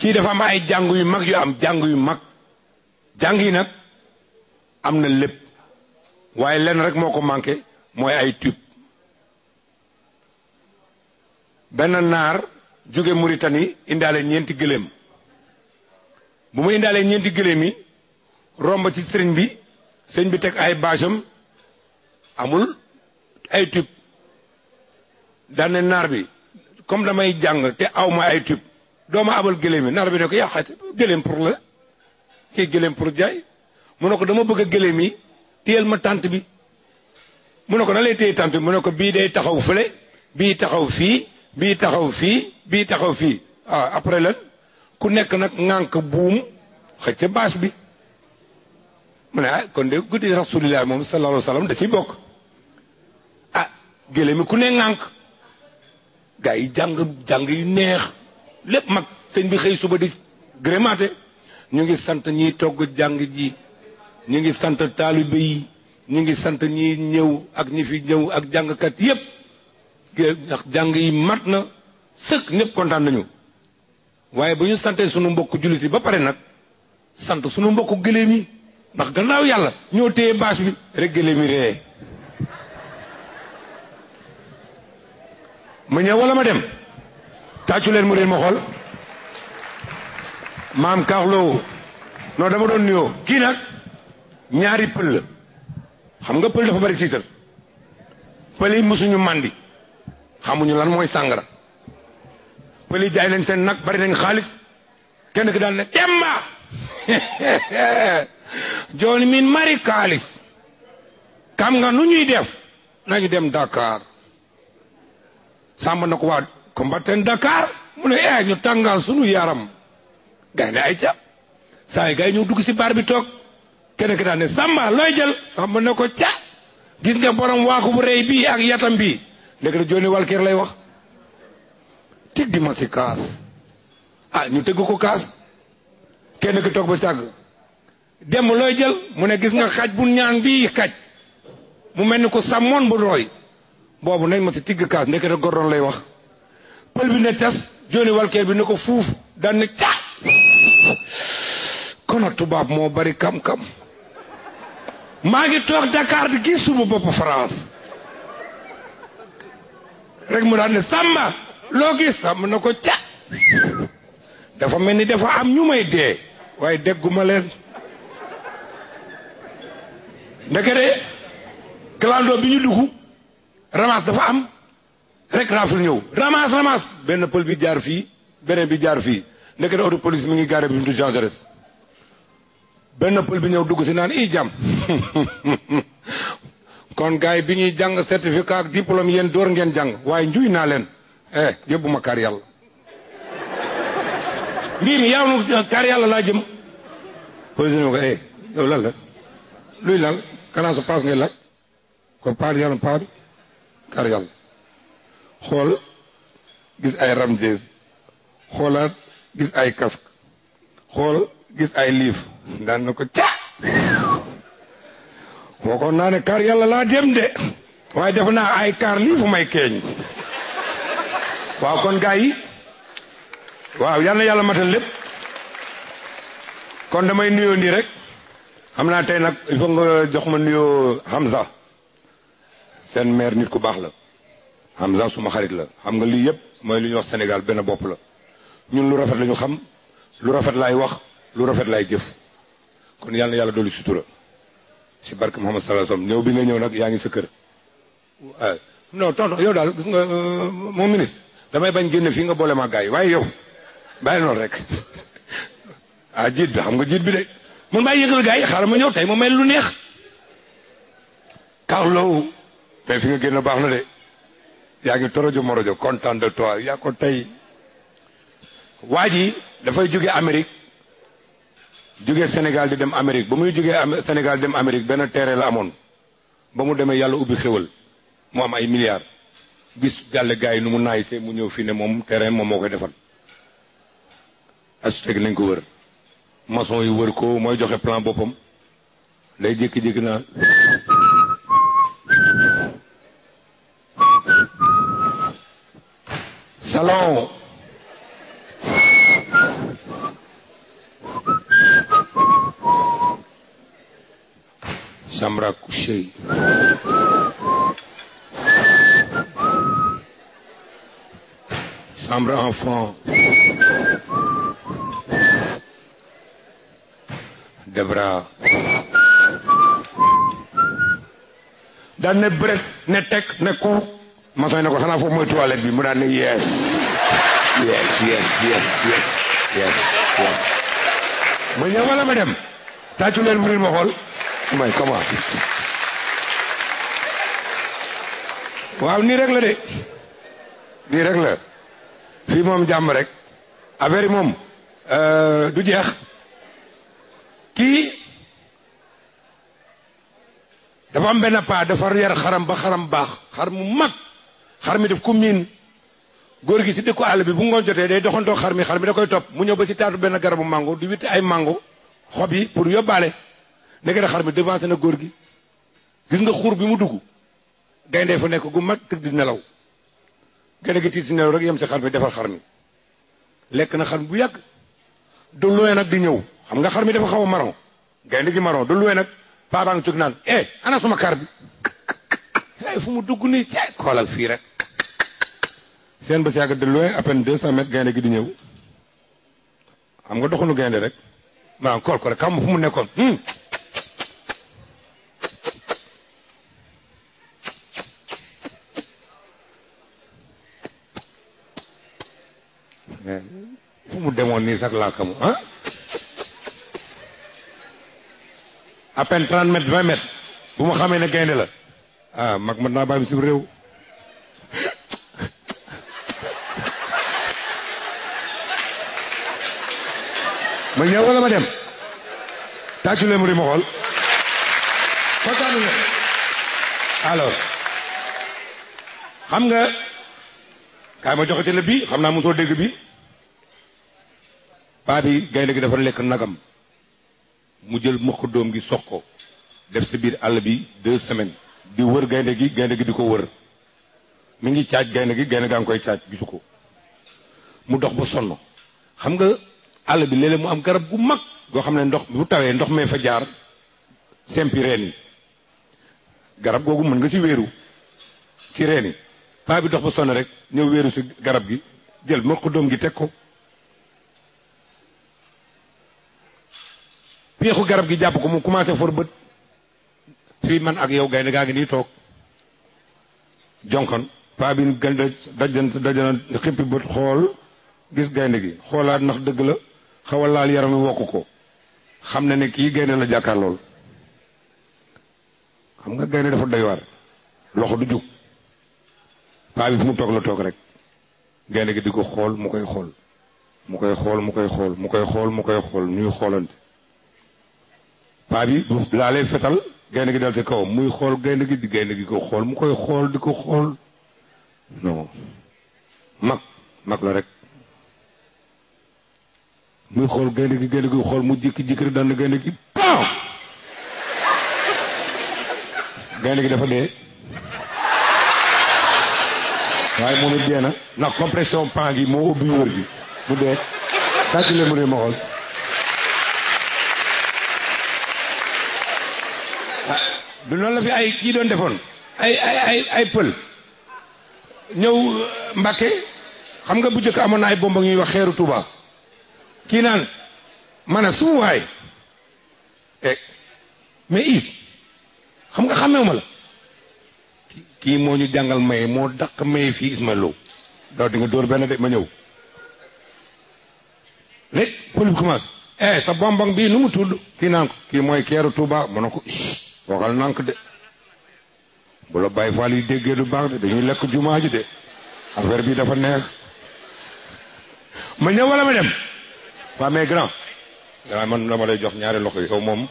kii dafa am ay jàng yu mag yu am jàng yu mag jàng yi nag am na lépp waaye lenn rek moo ko manqué mooy ay tube benn naar jóge Mauritanie indaale ñeenti gëléem bu mu indaalee ñeenti gëléem yi romb ci sëriñ bi sëñ bi teg ay bâcham amul ay tube daan naar bi comme damay jàng te aw ma ay tube dooma abal gëléem yi naar bi ne ko yaa xaati gëléem pour la kii gëléem pour jaay mu ne ko dama bëgg a gëléem yi téyel ma tànt bi mu ne ko na lay téye tànt bi mu ne ko bii day taxaw fële bii taxaw fii bii taxaw fii bii taxaw fii ah après la ku nekk nag ŋànk buum xëcc baas bi mu ne ah kon de guddi rasulillah moom sallallahu alayhi wa da ciy bokk ah gëléem yi ku ne ŋànk gaa yi jàng jàng yu neex lépp mag sëñ bi xëy suba di grématé ñu ngi sant ñiy togg jàng ji ñu ngi sant taalibe yi ñu ngi sant ñi ñëw ak ñi fi ñëw ak jàngkat yépp ndax jàng yi mat na sëkk ñëpp kontaan nañu waaye ba ñu santee sunu mbokk jullit yi ba pare nag sant sunu mbokk gëléem yi ndax gannaaw yàlla ñoo téye baas bi rek gëléem yi ree ma ñëw wala ma dem tàccu leen mu réer ma xool maam Kaarlo non dama doon nuyoo kii nag ñaari pël la xam nga pël dafa bari tiital pël yi mosuñu mandi xamuñu lan mooy sàngara pël yi jaay nañ seen nag bari nañ xaalis kenn ki daal ne demba jooni min mari kaalis kam nga nu def nañu dem Dakar sàmb na ko combattant Dakar mu ne eh ñu tangal sunu yaram na ay ca say gay ñu dugg si bar bi tok kene ka daan ne sàmba looy jël sama ne ko ca gis nga borom waxu bu reey bi ak yatam bii ndekete jooni walkeer lay wax tigg ma ci kaas ah ñu tegg ko kaas kenn ki tok ba sag dem looy jël mu ne gis nga xaj bu ñaan bi xaj mu melni ko samone bu roy bobu nañ ma ci tigg kaas la gordon lay wax pël bi ne tes joni walkeer bi ne ko fuuf dan ne ca kono tubab mo bari kam-kam ma ngi toog Dakar di gisu suma bop France rek mu dan ne samba lo gis sam ne ko ca dafa melni dafa am ñumay de way waaye len leen klando biñu duggu dafa am rek raasul ñëw ramasse ramasse benn pël bi jaar fii beneen bi jaar fii ndekete auto police mi ngi garé bi buntu Jean Jaurès benn pël bi ñëw dugg si naan i jàmm kon gars yi bi ñuy jàng certificat ak diplôme yéen door ngeen jàng waaye njuy naa leen eh yóbbu ma kàr yàlla mbir mi yaaw na kàr yàlla laa jëm police ne ko eh luy lal kanaa sa paas ngay laaj ko paar yàlla paar kàr yàlla xool gis ay ramjees xoolaat gis ay casque xool gis ay liif daan na ko ca waxoon naa ne kaar yàlla laa dem de waaye def naa ay kaar liifu may keeñ waaw kon gaa yi waaw yal na yàlla matal lépp kon damay nuyoo nii rek xam naa tey nag il nga jox ma nuyoo Hamza seen maire nit ku baax la Hamza suma xarit la xam nga lii yëpp mooy lu ñuy wax Sénégal benn bopp la ñun lu rafet la ñu xam lu rafet laay wax lu rafet lay jëf kon yàlla na yàlla dolli sutura si barke Muhammad sallallahu alayhi wasallam ñëw bi nga ñëw nag yaa ngi sa kër. waaw non yow daal gis nga euh, mon ministre damay bañ génn fii nga boole ma yi waaye yow bàyyi noonu rek a ah, jiit bi xam nga jiit bi de man maa yëgal gars yi ma ñëw tey ma mel lu neex. Carlo tey fi nga génn baax na de. yaa ngi torojo morojo content de toi yaa ko tey waa ji dafay jóge Amérique jóge Sénégal di dem amerique ba muy jógee Sénégal dem Amérique benn terrain la amoon ba mu demee yàlla ubbi xéwal mu am ay milliards gis gàlle gars yi nu mu naay see mu ñëw fii ne moom terrain moom moo koy defal asteg nañ ko wër maçon yi wër ko mooy joxe plan boppam day jékki-jékki naa Shalom. Samra Kushei. Samra enfant. Debra. daan ne bëreet ne teg ne ku. ne ko xanaa foofu mooy toilette bi mu daan ne mooy yes yes yes yes yes ma ñëw wala ma dem tàccu ma xool waaw nii rek de nii rek la moom jàmm rek affaire yi moom euh, du jeex kii dafa am benn paa dafa yar xaram ba xaram baax xar mu mag xar def ku miin góor gi si dëkku àll bi bu ngoon jotee day doxantoo xar mi xar mi da koy topp mu ñëw ba si taatu benn garabu mango di witti ay mango xob yi pour yóbbaale nekk da xar mi devancé na góor gi gis nga xur bi mu dugg gaynde fa nekk gu mag tëg di nelaw gaynde gi yem si xar mi defar xar mi lekk na xar mi bu yàgg du loye nag di ñëw xam nga xar mi dafa xaw a maron gaynde gi maron du loye nag paa baa ngi naan eh ana suma kar bi fu mu dugg nii caay xoolal fii rek seen ba yàgg de loin à peine 200 mètres gaynde gi di ñëw xam nga doxunu gaynde rek maanaam kool ko rek xam fu mu nekkoon hmm. eh, fu mu demoon nii sax laa xamu ah à peine 30 mètres 20 mètres bu ma xamee ne gaynde la ah mag mën naa bàyyi si réew ma ñëw ma dem tàccu leen ri xam nga kaay ma joxe télé bi xam naa mosoo dégg bi paa bi gaynde gi dafa lekk nagam mu jël mokk doom gi sox ko def si biir àll bi deux semaines di wër gaynde gi gaynde gi di ko wër mu ngi caaj gaynde gi gaynde gaa ngi koy caaj gisu ko mu dox ba sonn xam nga àll bi léeg mu am garab gu mag goo xam ne ndox bu tawee ndox mee fa jaar sempi reen yi garab googu mën nga ci wéeru ci reen yi paa bi dox ba sonn rek ñëw wéeru ci garab gi jël mokk doom gi teg ko peexu garab gi jàpp ko mu commencé for bët fi man ak yow gaynde gaa ngi nii toog jonkon paa bi gën dajjan dajjan xippi bët xool gis gaynde gi xoolaat ndax dëgg la xawal laal yaram wokk ko xam na ne kii gaynde la jàkkaar lool xam nga gaynde dafa doy loxo du jug paa bi fu mu toog la toog rek gaynde gi di ko xool mu koy xool mu koy xool mu koy xool mu koy xool mu koy xool ñuy xoolante paa bi bu laalee fetal gaynde gi dal ci kawam muy xool gaynde gi di gaynde gi ko xool mu koy xool di ko xool non mag mag la rek muy xool gaynde gi gaynde gi xool mu jékki-jékki rek daan gaynde gi paaw gaynde gi dafa dee waaye moom it dee na ndax compression pan gi moo ubbi wër gi mu dee tàcc leen mu ne ma du ah, noonu la fi ay kii doon defoon ay pël ñëw Mbàkke xam nga bu jëkk amoon na ay bomba ñuy wax xeeru Touba. kii naan man a suma eh, mais xam nga xàmmeewu ma la kii moo ñu jàngal maye moo dàq maye fii Ismaël Lo daw di nga dóor benn de ma ñëw léegi pël bi commencé eh sa bonbon bii nu mu tudd kii naan kii mooy keeru Touba mu ne ko waxal nank de bu la bàyyi faal yi déggee du baax de dañuy lekk jumaa ji de affaire bi dafa neex ma ñëw wala ma dem waa mais grand. waaw man dama lay jox ñaari loxo yow moom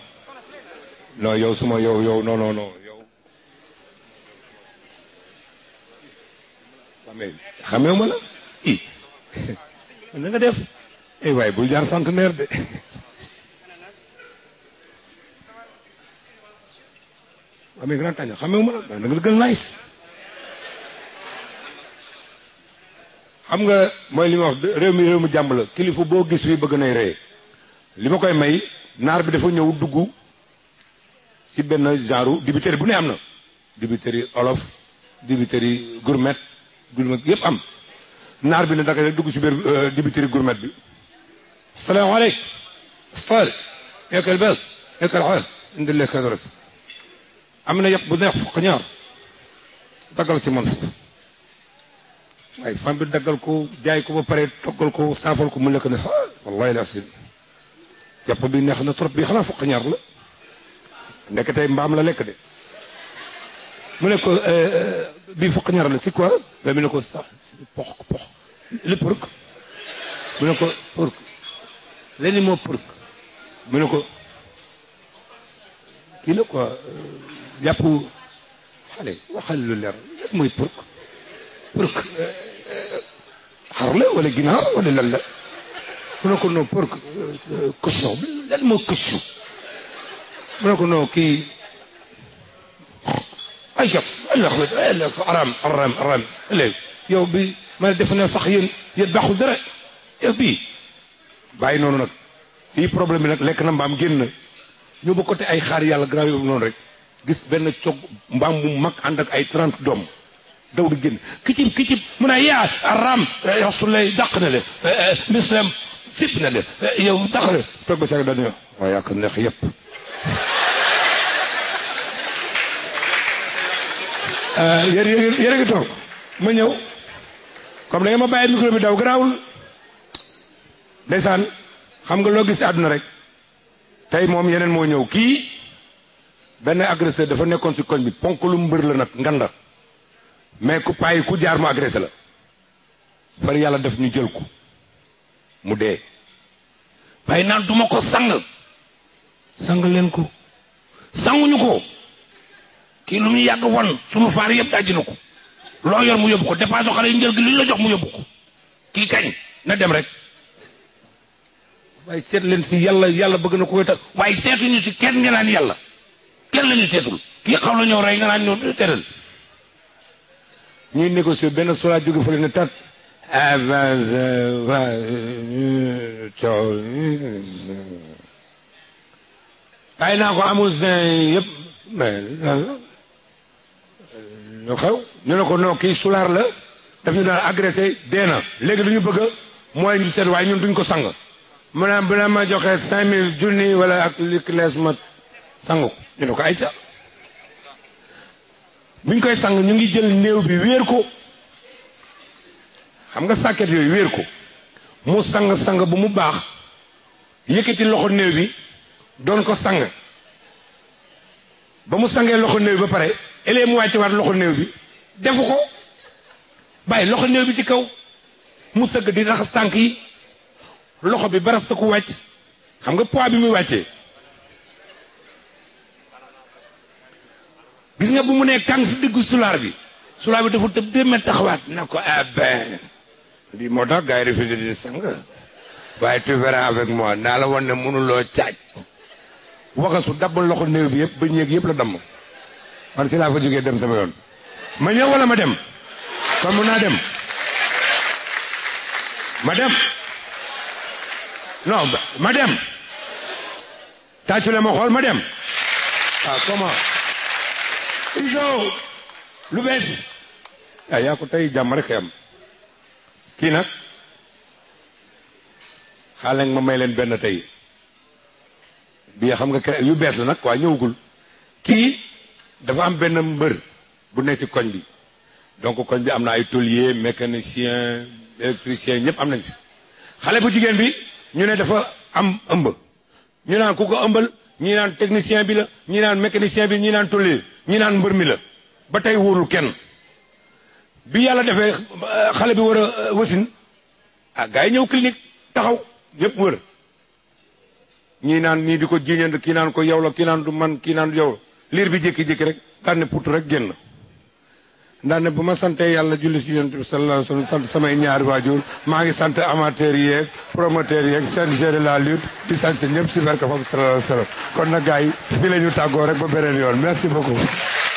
non yow suma yow yow non non non yow. waa mais xamee ma la i na nga def. eh waaye bul centenaire de. waa grand tànn xamee ma la da nga gën xam nga mooy li ma wax réew mi réew mi jàmm la kilifa boo gis fii bëgg nay rey li ma koy may naar bi dafa ñëw dugg ci benn genre dibiteri bu ne am na dibiteri olof dibiteri gourmet gourmet yépp am naar bi ne daka rek dugg ci biir euh, dibiteri gourmet bi salaamaaleykum sal yekkal bel am na yàpp bu neex fukk ñaar dagal ci man foofu waaye femme bi daggal ko jaay ko ba pare toggal ko saafal ko mu lekk ne fa wallahi la asin yàpp bi neex na trop bi xanaa fukk ñaar la nekk tey mbaam la lekk de mu ne ko euh, euh, bi fukk ñaar la c'est quoi mais mu ne ko sax pox pox li përk mu ne ko përk léegi moo mu ne ko kii la quoi euh, jàpp xale waxal lu leer lépp mooy përk përk حرله ولا جناح ولا لا لا كنا كنا فرق كسو للمو كسو كنا كنا كي أيش الا خذ الا أرام أرام أرام الا يوبي ما دفنا فخين يذبحوا درع يو باينون باي نك بروبليم لك na mbam genn ñu أي ko té ay xaar yalla gravé non rek gis ben ciog mbam and ak ay 30 dom daw di génn kicib kicib mun a yaa ram rasulullah eh, dàq na leen l'islam eh, eh, sib na leen yow dàq na toog ba seeg dañu waaye ak neex yëpp yéen ngi toog ma ñëw comme da ma bàyyi micro bi daw garaawul ndeysaan xam nga loo gis àdduna rek tey moom yeneen moo ñëw kii benn agresseur dafa nekkoon ci koñ bi ponk lu mbër la nag nganda mais ku payi ku jaar mu agressé la far yàlla def ñu jël ko mu dee waaye naan duma ko sang sang leen ko sanguñu ko kii lu ñu yàgg won suñu faar yëpp dajji na ko loo yor mu yóbbu ko dépense xale yi njël gi lu ñu la jox mu yóbbu ko kii kañ na dem rek waaye seet leen si yàlla yàlla bëgg na ko koy tax waaye seetuñu ci kenn nga yàlla kenn lañu seetul kii xam la ñëw rey nga naan ñëw teral ñuy négocier benn solaa jóge fële ne tat ah, euh, euh, bàyyi naa ko amul sen yëpp lu xew ñu ne ko non kii sulaar la daf ñu daal agressé dee na léegi lu ñu bëgg mooy ñu seet waaye ñun duñ ko sang maanaam bu ma joxee cinq mille junni wala ak li lees ma sang ko ñu ne ko ayca bi ñu koy sang ñu ngi jël néew bi wéer ko xam nga sàkket yooyu wéer ko mu sang sang ba mu baax yëkkati loxo néew bi doon ko sang ba mu sangee loxo néew bi ba pare elee mu wàcce waat loxo néew bi defu ko bàyyi loxo néew bi ci kaw mu sëgg di raxas tànk yi loxo bi barasta ku wàcc xam nga poids bi muy wàccee gis nga bu mu ne kang si diggu sulaar bi sulaar bi dafa tëb deux mètres taxawaat na ko ah ben lii tax di sang waaye tu verra avec moi na la wonne munu lo tiaj waxasu dabbal loxo neew bi yeb bañ yeg yeb la dam man si la fa jógee dem sama yoon ma ñew wala ma dem kon mu na dem ma dem non ma dem tàccule ma xol ma dem ah comment lu bees waaye yaa ko tey jàmm rek am kii nag xaaral ma may leen benn tey bii xam nga yu bees la nag waaye ñëwagul kii dafa am benn mbër bu nekk ci koñ bi donc koñ bi am na ay tôlier mécanicien électricien ñëpp am nañ fi xale bu jigéen bi ñu ne dafa am ëmb ñu naan ku ko ëmbal ñu naan technicien bi la ñu naan mécanicien bi ñu naan tôlier ñi naan mbër mi la ba tey wóorul kenn bi yàlla defee euh, xale bi war a euh, wasin ah gars yi ñëw clinique taxaw ñépp wër ñii naan ñii di ko jiiñand ki naan ko yow la kii naan du man kii naan du yow liir bi jékki-jékki rek daan ne put rek génn ndax ne bu ma santee yàlla julli si yonent bi sallallahu alayhi wa sant samay ñaari waajur maa ngi sant amateurs yeeg promoteurs yeeg chargé de la lutte di sant ñëpp si barke foofu sallallahu alayhi wa sallam kon na gars yi fii la ñu tàggoo rek ba beneen yoon merci beaucoup.